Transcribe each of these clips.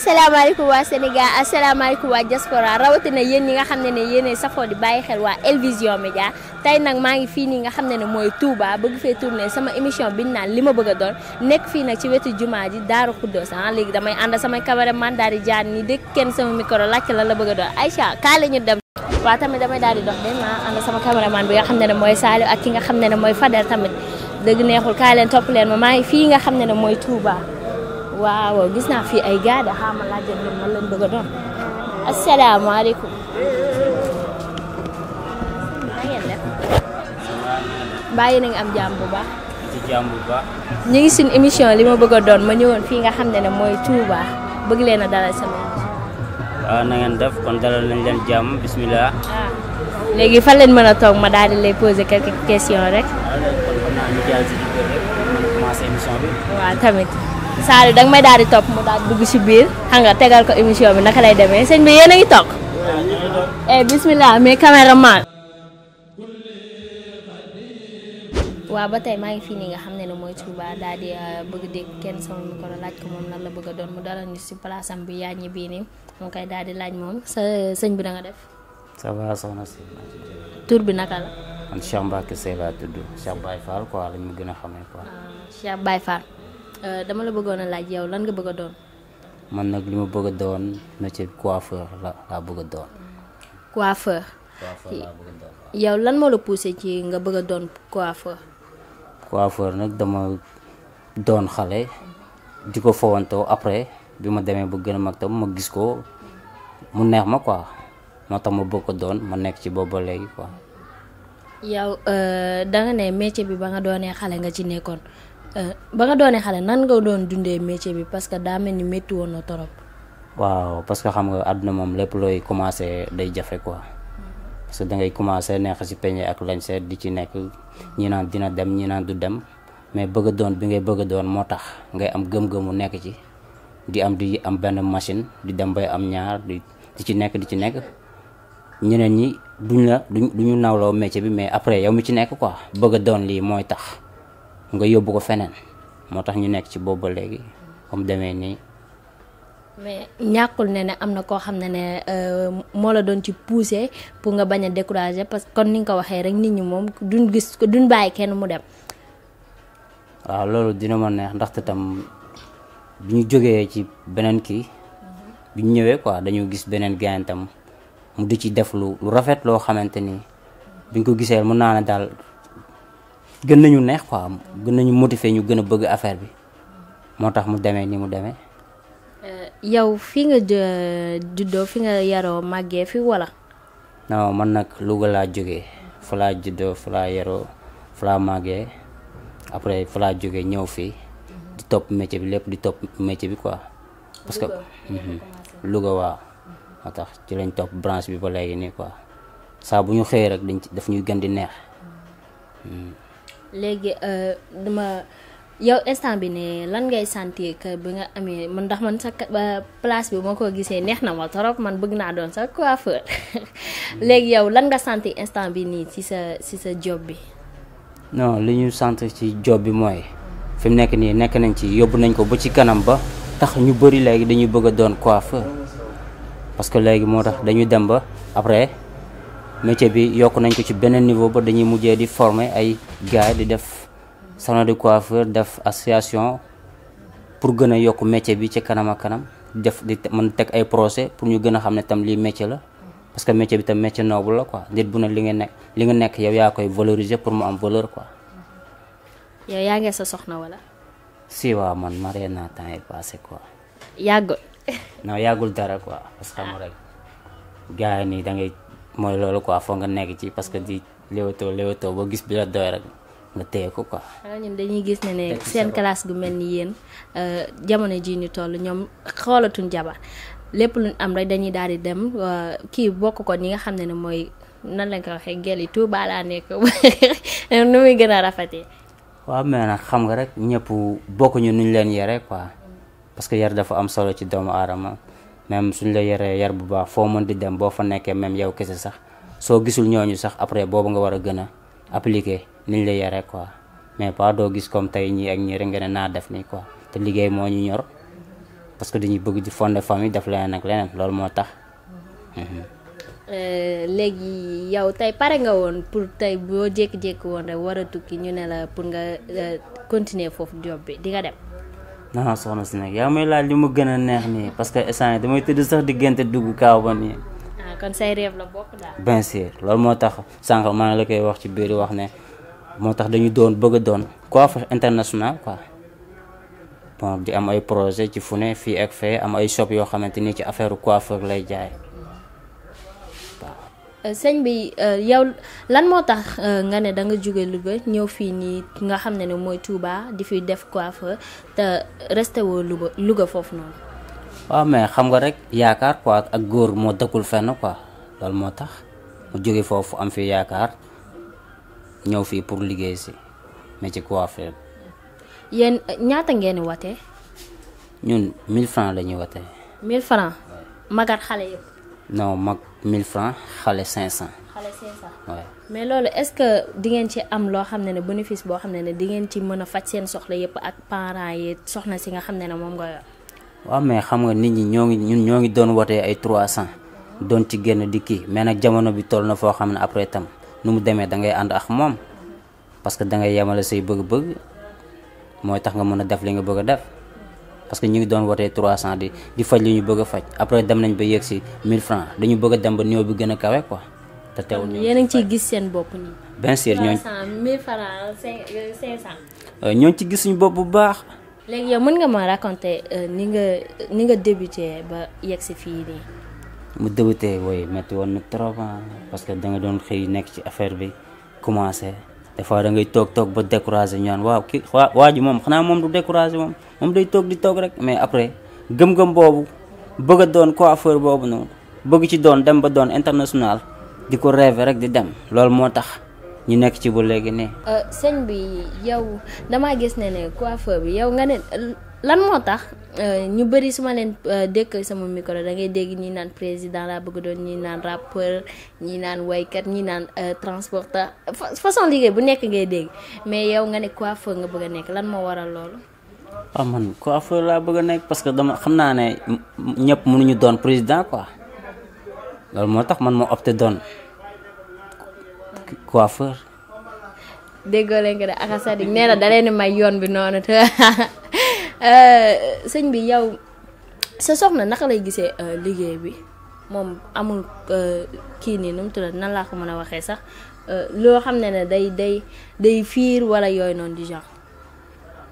asalaamaaleykum waa Sénégal asalaamaaleykum waa diaspora rawatina yéen ñi nga xam ne ne yéenay safoo di bàyyi xel waa Elvision Média tey nag maa ngi fii nii nga xam ne ne mooy Touba bëgg fee tourné sama émission bi ñu naan li ma bëgg a doon nekk fii nag ci wetu jumaa ji Daaru Xuddoos ah léegi damay ànd samay cameraman daal di jaar nii dégg kenn sama micro laajte lan la bëgg a doon Aïcha kaale ñu dem. waaw tamit damay daal di dox de ma ah, ànd sama cameraman bi nga xam ne ne mooy saal ak ki nga xam ne ne mooy Fadel tamit dëgg neexul kaay leen topp leen ma maa ngi fii nga xam ne ne mooy Touba waaw gis naa fii ay gars de ma laajal ñoom man lañ bëgg a doon asalaamaaleykum. na ngeen def. mbaa am jàmm bu baax. ñu ngi suñu émission li ma bëgg a doon ma ñëwoon fii nga xam ne ne mooy Touba bëgg leen daal dalal sama. waaw na ngeen def kon dalal nañ leen jàmm bismillah. Ah. léegi fan leen mën a toog ma daal di lay poser quelques rek. waaw léegi kon xam naa ñu jàll si di rek man commencé émission bi. waaw tamit. Sari dang may dari top mo dal daal dugg ci bir xam nga tegal ko émission bi naka lay demee señ bi yéen ngi tok eh, eh bismillah mais caméraman waa ba tey maa ngi fi ni nga xam ne moy Touba daal di euh, bëgg dégg kenn sama micro laaj ko mom nan la bëgg doon mu dalal ni ci place am bi yañi bi ni nii mu koy daal di laaj moom sa bi da nga def. ça va soxna si. tour bi naka la. man Cheikh Mbacke Sey laa Cheikh Baye Fall quoi lañu gëna xamé quoi. Ah, Cheikh Baye Fall. Eh, dama la bëggoon a laaj yow lan nga bëgg a doon. man nag li ma bëgg a doon ci coiffeur la laa bëgg a doon. coiffeur. yow lan moo la poussé ci nga bëgg a doon coiffeur. coiffeur nag dama doon xale di ko fowantoo après bi ma demee ba gën a mag tam ma gis ko mu neex ma quoi moo tax ma bëgg ko doon ma nekk ci boobu ba léegi quoi. yow eh, da nga ne métier bi ba nga doonee xale nga ci nekkoon. Euh, ba nga doonee xale nan nga doon dundee métier bi parce que daa mel ni métti woon na torop. waaw parce que xam nga àdduna moom lépp looy commencé day jafe quoi. parce que da ngay commencé neex si peñe ak lañ seet di ci nekk ñi naan dina dem ñi naan du dem mais bëgg a doon bi ngay bëgg a doon moo tax ngay am gëm-gëmu nekk ci di am di am benn machine di dem bay am ñaar di di ci nekk di ci nekk ñeneen ñi duñ la duñ ñu nawloo métier bi mais après yow mi ci nekk quoi bëgg doon lii mooy tax. nga yóbbu ko feneen moo tax ñu nekk ci boobu ba léegi comme demee nii. mais ñàkkul ne ne am na koo xam ne ne euh, moo la doon ci poussé pour nga bañ a découragé parce que kon ni nga ko waxee rek nit ñi moom duñ gis duñ bàyyi kenn mu dem. waaw loolu dina ma neex ndaxte tam bi ñu jógee ci beneen kii. bi ñu ñëwee quoi dañu gis beneen gain mu di ci def lu rafet loo xamante ni biñ ko gisee mën naa ne daal gën nañu neex quoi gën nañu motiver ñu gën a bëgg affaire bi moo tax mu demee ni mu demee. Euh, yow fi nga juddoo fi nga yaroo màggee fi wala. non man nag Louga laa jóge fa laa juddoo fa laa yaroo fa laa màggee après fa laa jógee ñëw fii di topp métier bi lépp di topp métier bi quoi. parce que Louga mhm, moo tax ci lañ topp branche bi ba léegi nii ko saa bu ñu xëyee rek dañ ci daf ñuy gën di neex. Hmm. lagi eh, dama yow instant bi ne lan ngay sentir que bi nga amee man ndax man sa place bi ma ko gisee neex na ma trop man bëgg na don sa coiffeur hmm. legi yow lan nga sentir instant bi nii si sa si sa job bi non li ñu sant ci job bi mooy fi mu nekk nii nañ ci yóbbu nañ ko ba ci kanam ba tax ñu bëri legi dañuy bëgg a coiffeur parce que léegi moo tax dem ba après métier bi yokk nañ ko ci beneen niveau ba dañuy mujjee di former ay gars di def salon de coiffeur def association pour gën a yokk métier bi ci kanam kanam def di mën teg ay procès pour ñu gën a xam ne tam lii métier la parce que métier bi tam métier noble la quoi nit bu ne li nga nekk li nga nekk yow yaa koy valoriser pour mu am valeur quoi. yow yaa ngi sa soxna wala. si waaw man marié naa temps yi passé quoi. yàggul. non yàggul dara quoi parce que rek gars yi nii da mooy loolu quoi foo nga nekk ci parce que di léewatoo léewatoo boo gis bi la doy rek nga téye ko quoi. dañuy gis ne ne seen classe gu mel ni yéen euh, jamono ji ni toll ñoom xoolatuñ jabar lépp luñ am rek dañuy daal di dem euh, kii bokk ko ni nga xam ne ne mooy nan lañ ko waxee gel yi Tuuba laa nekk nu muy gën a rafetee. waaw mais nag xam nga rek ñëpp bokkuñu nuñ leen yare quoi parce que yar dafa am solo ci doomu aadama. même suñ la yéré yar bu ba fo mën di dem bo fa nekkee même yow kessé sax so gisul ñooñu sax après bobu nga wara gëna appliquer niñ la yéré quoi mais pas do gis comme tay ñi ak ñi rek nga ne def ni quoi té liggéey mo ñu ñor parce que dañuy bëgg di fondé famille def leneen ak leneen lool mo tax mhm. euh, légui yow tay paré nga won pour tay bo jék jék won rek wara tukki ñu né la pour nga euh, continuer fofu job bi di nga dem non soxna si nag yaa may laaj li mu gën a neex nii parce que instant yii damay tëdd sax diggante dugg kaaw ba nii. ah kon la bokk daal. loolu moo tax sànq maa ngi la koy wax ci biir wax ne moo tax dañu doon bëgg a doon coiffeur international ko bon di am ay projet ci fu ne fii ak fee am ay shop yoo xamante ni ci affaire coiffeur lay jaay. Euh, sëñ bi euh, yow lan moo tax euh, nga ne da nga jóge Louga ñëw fii nii nga xam ne ne mooy Touba di fi def coiffeur te resté woo Louga foofu noonu. waaw mais xam nga rek yaakaar quoi ak góor moo dëkkul fenn quoi loolu moo tax mu jóge foofu am fi yaakaar ñëw fii pour liggéey si mais ci coiffeur. yéen ñaata ngeen wate. ñun 1000 francs lañuy ñuy wate. francs. mag xale yëpp. non mag. 1000 francs xalé 500. xalé 500 ouais mais lolu est ce que di ngén ci am lo xamné né bénéfice bo xamné né di ngén ci mëna fac sen soxla yépp ak parents yi soxna si nga xamné né mom nga yor. waaw mais xam nga nit ñi ñongi ñun ñongi doon wootee ay 300. doon ci génn di kii mais nak jamono bi toll na foo xam après tam nu mu démé da ngay and ak mom parce que da ngay yamalé sey bëgg-bëgg moy tax nga mëna def li nga bëgg def. parce que ñu ngi doon wootee 300 di di faj li ñu bëgg faj après dem nañ ba yegg ci 1000 francs dañu bëgg dem ba néew bi gëna kawé quoi. ta téw ñu yéen a ngi ciy gis seen bop ñi. bien sûr ñooñu 1000 francs 500. Euh, euh, ñoo ci gis suñu bop bu baax. légui yow mën nga ma raconter euh, ni nga ni nga débuté ba yegg ci fi ni mu débuté way metti won na trop hein, parce que da nga doon xey nekk ci affaire bi commencer des fois da ngay toog toog ba découragé ñu naan waaw ki waa waa moom xanaa moom du découragé moom moom day toog di toog rek mais après gëm-gëm boobu bëgg a doon coiffeur boobu noonu bëgg ci doon dem ba doon international di ko rêver rek di dem loolu moo tax ñu nekk ci ba léegi ne euh, sëñ bi yow damaa gis ne ne coiffeur bi yow nga ne lan motax euh, ñu bari suma len euh, dekk sama micro da ngay dégg ñi naan président la bëgg doon ñi naan rappeur ñi naan waykat ñi naan euh, transporteur façon liggéey bu nekk ngay dégg mais yow nga ne coiffeur nga bëgg nekk lan mo waral loolu ah man coiffeur la bëgg nekk parce que dama xam naa ne ñëpp mënuñu doon président quoi loolu moo tax man ma opté doon coiffeur déggoo leen ko de akasadik nee na da leen may yoon bi noonu Euh, sëñ bi yow sa soxna naka lay gisee euh, liggéey bi moom amul euh, kii nii nu mu nan laa ko mën a waxee sax loo xam ne ne day day day fiir wala yooyu noonu du genre.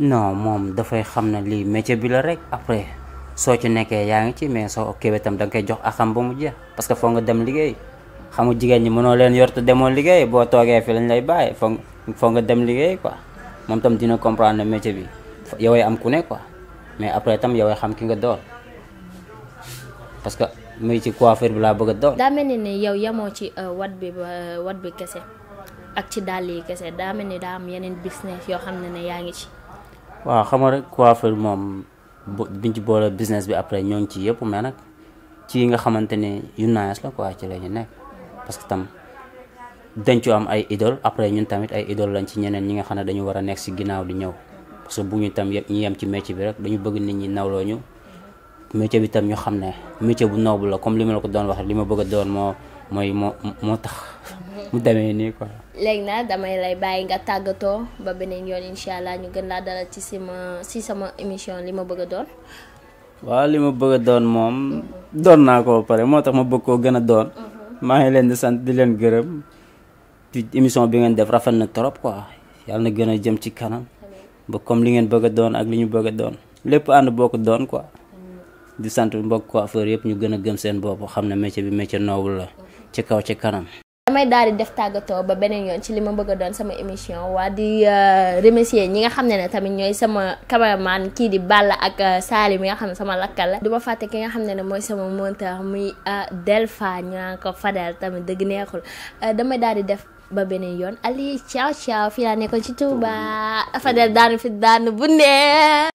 non moom dafay xam na lii métier bi la rek après soo ci nekkee yaa ngi ci mais soo kiiwee tam da nga koy jox axam ba mu jeex parce que foo nga dem liggéey xamu jigéen ñi mënoo leen yor te demoo liggéey boo toogee fii lañ lay bàyyi foo foo nga dem liggéey ko moom tam dina comprendre métier bi. yow am ku ne ko mais après tam yow xam ki nga door parce que muy ci coiffure bi laa bëgg a door. daa mel ni ne yow yamoo ci euh, wat bi euh, wat bi kese ak ci dàll yi kese daa mel ni daa am yeneen business yoo xam ne ne yaa ngi ci. waa xam nga rek coiffure moom biñ ci boole business bi après ñoo ngi ci yëpp mais nag ci yi nga xamante ni yu nice la quoi ci la ñu nekk parce que tam. dañ ci am ay idole après ñun tamit ay idol lañ ci ñeneen ñi nga xam ne dañu war a nekk ci ginnaaw di ñëw parce bu ñu tam ñu yam ci métier bi rek dañu bëgg nit ñi nawlo ñu métier bi tam ñu xamné métier bu noble la comme li la ko doon wax lima bëgg doon mo moy mo tax mu démé ni quoi na damay lay bay nga tagato ba benen yoon inshallah allah ñu gën la dara ci sima lima sama émission lima bëgg doon wa lima bëgg doon mom doon na ko pare mo tax ma bëgg ko gëna doon mhm. ma ngi leen di sant di leen gërëm ci émission bi ngeen def rafet na trop quoi yalla na gëna jëm ci kanam ba comme li ngeen bëgg a doon ak li ñu bëgg a doon lépp ànd bokk doon ko di sant mbokk coiffeur yëpp ñu gën a gëm seen bopp xam ne métier bi métier noble la ci kaw ci kanam. damay daal di def tàggatoo ba beneen yoon ci li ma bëgg a doon sama émission waa di euh, remercier ñi nga xam ne ne tamit ñooy sama cameraman kii di Balla ak euh, Saali mi nga xam ne sama lakkal la du ma fàtte ki nga xam ne ne mooy sama monteur muy euh, Delpha ñu naan ko Fadel tamit dëgg neexul damay daal di def ba beneen yoon Aliou ciao ciao fii laa nekkoon ci Touba Fadel daanu fi daanu bu